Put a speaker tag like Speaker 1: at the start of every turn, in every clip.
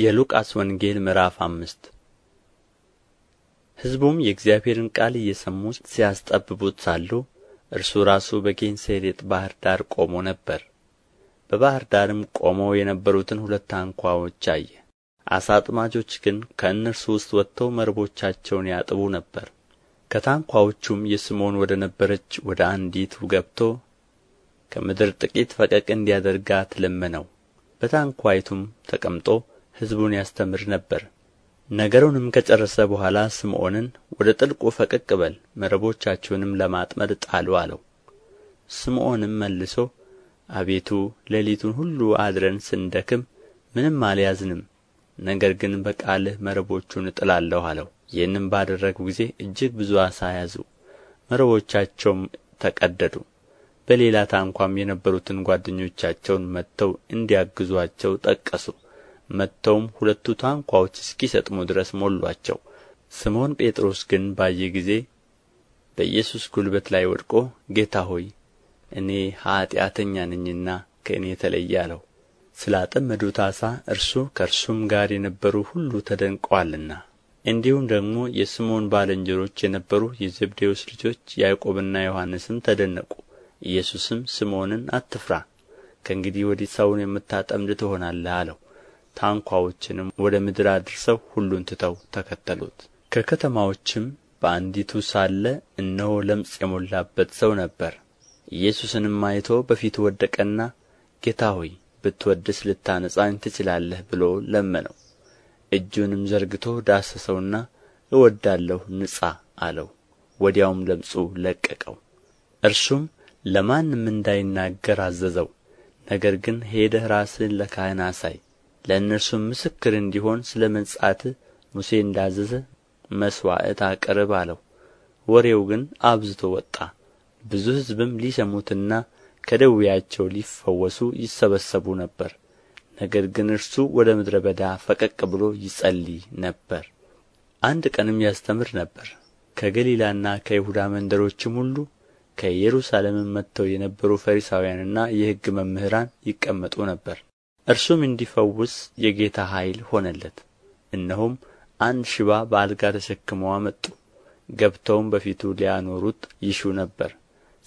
Speaker 1: የሉቃስ ወንጌል ምዕራፍ አምስት ሕዝቡም የእግዚአብሔርን ቃል እየሰሙ ሲያስጠብቡት ሳሉ እርሱ ራሱ በጌንሴሬጥ ባሕር ዳር ቆሞ ነበር። በባሕር ዳርም ቆመው የነበሩትን ሁለት ታንኳዎች አየ። አሳ አጥማጆች ግን ከእነርሱ ውስጥ ወጥተው መርቦቻቸውን ያጥቡ ነበር። ከታንኳዎቹም የስምዖን ወደ ነበረች ወደ አንዲቱ ገብቶ ከምድር ጥቂት ፈቀቅ እንዲያደርጋት ለመነው። በታንኳይቱም ተቀምጦ ሕዝቡን ያስተምር ነበር ነገሩንም ከጨረሰ በኋላ ስምዖንን ወደ ጥልቁ ፈቀቅ በል መረቦቻችሁንም ለማጥመድ ጣሉ አለው ስምዖንም መልሶ አቤቱ ሌሊቱን ሁሉ አድረን ስንደክም ምንም አልያዝንም ነገር ግን በቃልህ መረቦቹን እጥላለሁ አለው ይህንም ባደረጉ ጊዜ እጅግ ብዙ አሳ ያዙ መረቦቻቸውም ተቀደዱ በሌላ ታንኳም የነበሩትን ጓደኞቻቸውን መጥተው እንዲያግዟቸው ጠቀሱ መጥተውም ሁለቱ ታንኳዎች እስኪሰጥሙ ድረስ ሞሏቸው። ስምዖን ጴጥሮስ ግን ባየ ጊዜ በኢየሱስ ጉልበት ላይ ወድቆ ጌታ ሆይ እኔ ኃጢአተኛ ነኝና ከእኔ የተለየ አለው። ስላጠመዱት ዓሣ እርሱ ከእርሱም ጋር የነበሩ ሁሉ ተደንቀዋልና። እንዲሁም ደግሞ የስምዖን ባልንጀሮች የነበሩ የዘብዴዎስ ልጆች ያዕቆብና ዮሐንስም ተደነቁ። ኢየሱስም ስምዖንን አትፍራ፣ ከእንግዲህ ወዲህ ሰውን የምታጠምድ ትሆናለህ አለው። ታንኳዎችንም ወደ ምድር አድርሰው ሁሉን ትተው ተከተሉት ከከተማዎችም በአንዲቱ ሳለ እነሆ ለምጽ የሞላበት ሰው ነበር። ኢየሱስንም አይቶ በፊቱ ወደቀና ጌታ ሆይ ብትወድስ ልታነጻኝ ትችላለህ ብሎ ለመነው። እጁንም ዘርግቶ ዳሰሰውና እወዳለሁ ንጻ አለው። ወዲያውም ለምጹ ለቀቀው። እርሱም ለማንም እንዳይናገር አዘዘው። ነገር ግን ሄደህ ራስህን ለካህን አሳይ ለእነርሱም ምስክር እንዲሆን ስለ መንጻት ሙሴ እንዳዘዘ መሥዋዕት አቅርብ አለው ወሬው ግን አብዝቶ ወጣ ብዙ ሕዝብም ሊሰሙትና ከደዌያቸው ሊፈወሱ ይሰበሰቡ ነበር ነገር ግን እርሱ ወደ ምድረ በዳ ፈቀቅ ብሎ ይጸልይ ነበር አንድ ቀንም ያስተምር ነበር ከገሊላና ከይሁዳ መንደሮችም ሁሉ ከኢየሩሳሌምም መጥተው የነበሩ ፈሪሳውያንና የሕግ መምህራን ይቀመጡ ነበር እርሱም እንዲፈውስ የጌታ ኃይል ሆነለት እነሆም አንድ ሽባ በአልጋ ተሸክመው አመጡ ገብተውም በፊቱ ሊያኖሩት ይሹ ነበር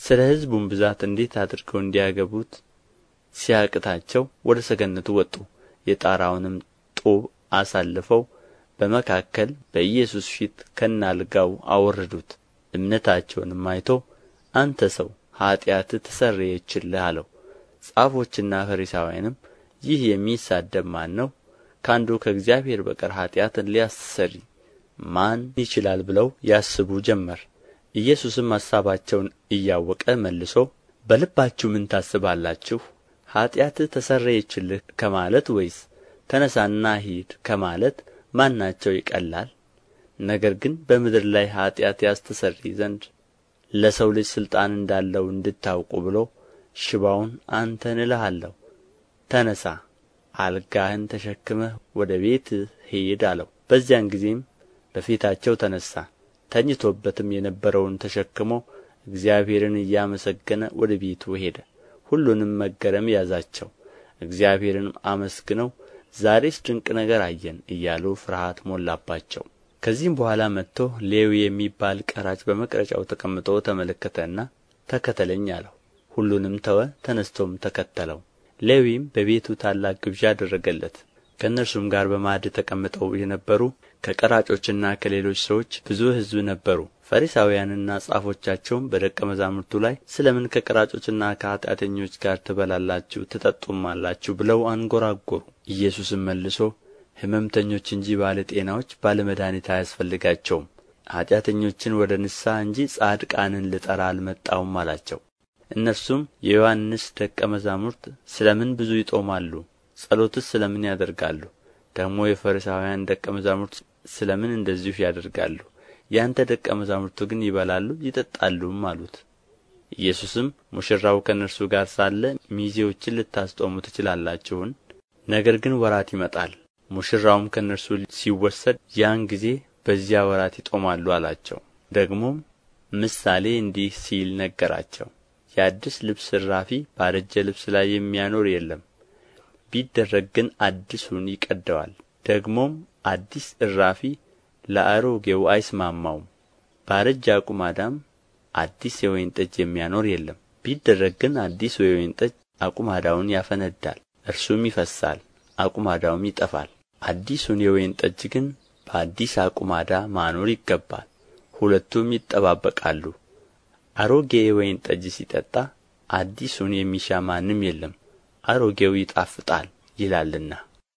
Speaker 1: ስለ ሕዝቡም ብዛት እንዴት አድርገው እንዲያገቡት ሲያቅታቸው ወደ ሰገነቱ ወጡ የጣራውንም ጡብ አሳልፈው በመካከል በኢየሱስ ፊት ከናልጋው አወረዱት እምነታቸውንም አይቶ አንተ ሰው ኃጢአትህ ተሰረየችልህ አለው ጻፎችና ፈሪሳውያንም ይህ የሚሳደብ ማን ነው ከአንዱ ከእግዚአብሔር በቀር ኃጢአትን ሊያስተሰሪ ማን ይችላል ብለው ያስቡ ጀመር ኢየሱስም ሐሳባቸውን እያወቀ መልሶ በልባችሁ ምን ታስባላችሁ ኃጢአትህ ተሰረየችልህ ከማለት ወይስ ተነሳና ሂድ ከማለት ማናቸው ይቀላል? ነገር ግን በምድር ላይ ኃጢአት ያስተሰሪ ዘንድ ለሰው ልጅ ሥልጣን እንዳለው እንድታውቁ ብሎ ሽባውን አንተን እልሃለሁ ተነሣ አልጋህን ተሸክመህ ወደ ቤትህ ሂድ አለው በዚያን ጊዜም በፊታቸው ተነሣ ተኝቶበትም የነበረውን ተሸክሞ እግዚአብሔርን እያመሰገነ ወደ ቤቱ ሄደ ሁሉንም መገረም ያዛቸው እግዚአብሔርንም አመስግነው ዛሬስ ድንቅ ነገር አየን እያሉ ፍርሃት ሞላባቸው ከዚህም በኋላ መጥቶ ሌዊ የሚባል ቀራጭ በመቅረጫው ተቀምጦ ተመለከተና ተከተለኝ አለው ሁሉንም ተወ ተነስቶም ተከተለው ሌዊም በቤቱ ታላቅ ግብዣ አደረገለት ከእነርሱም ጋር በማዕድ ተቀምጠው የነበሩ ከቀራጮችና ከሌሎች ሰዎች ብዙ ሕዝብ ነበሩ። ፈሪሳውያንና ጻፎቻቸውም በደቀ መዛሙርቱ ላይ ስለ ምን ከቀራጮችና ከኃጢአተኞች ጋር ትበላላችሁ ትጠጡማላችሁ? ብለው አንጎራጎሩ። ኢየሱስም መልሶ ሕመምተኞች እንጂ ባለ ጤናዎች ባለ መድኃኒት አያስፈልጋቸውም። ኃጢአተኞችን ወደ ንስሐ እንጂ ጻድቃንን ልጠራ አልመጣውም አላቸው። እነርሱም የዮሐንስ ደቀ መዛሙርት ስለ ምን ብዙ ይጦማሉ ጸሎትስ ስለ ምን ያደርጋሉ ደግሞ የፈሪሳውያን ደቀ መዛሙርት ስለ ምን እንደዚሁ ያደርጋሉ ያንተ ደቀ መዛሙርቱ ግን ይበላሉ ይጠጣሉም አሉት ኢየሱስም ሙሽራው ከእነርሱ ጋር ሳለ ሚዜዎችን ልታስጦሙ ትችላላችሁን ነገር ግን ወራት ይመጣል ሙሽራውም ከእነርሱ ሲወሰድ ያን ጊዜ በዚያ ወራት ይጦማሉ አላቸው ደግሞም ምሳሌ እንዲህ ሲል ነገራቸው የአዲስ ልብስ እራፊ ባረጀ ልብስ ላይ የሚያኖር የለም ቢደረግ ግን አዲሱን ይቀደዋል ደግሞም አዲስ እራፊ ለአሮጌው አይስማማውም ባረጀ አቁማዳም አዲስ የወይን ጠጅ የሚያኖር የለም ቢደረግ ግን አዲሱ የወይን ጠጅ አቁማዳውን ያፈነዳል እርሱም ይፈሳል አቁማዳውም ይጠፋል አዲሱን የወይን ጠጅ ግን በአዲስ አቁማዳ ማኖር ይገባል ሁለቱም ይጠባበቃሉ አሮጌ ወይን ጠጅ ሲጠጣ አዲሱን የሚሻ ማንም የለም አሮጌው ይጣፍጣል ይላልና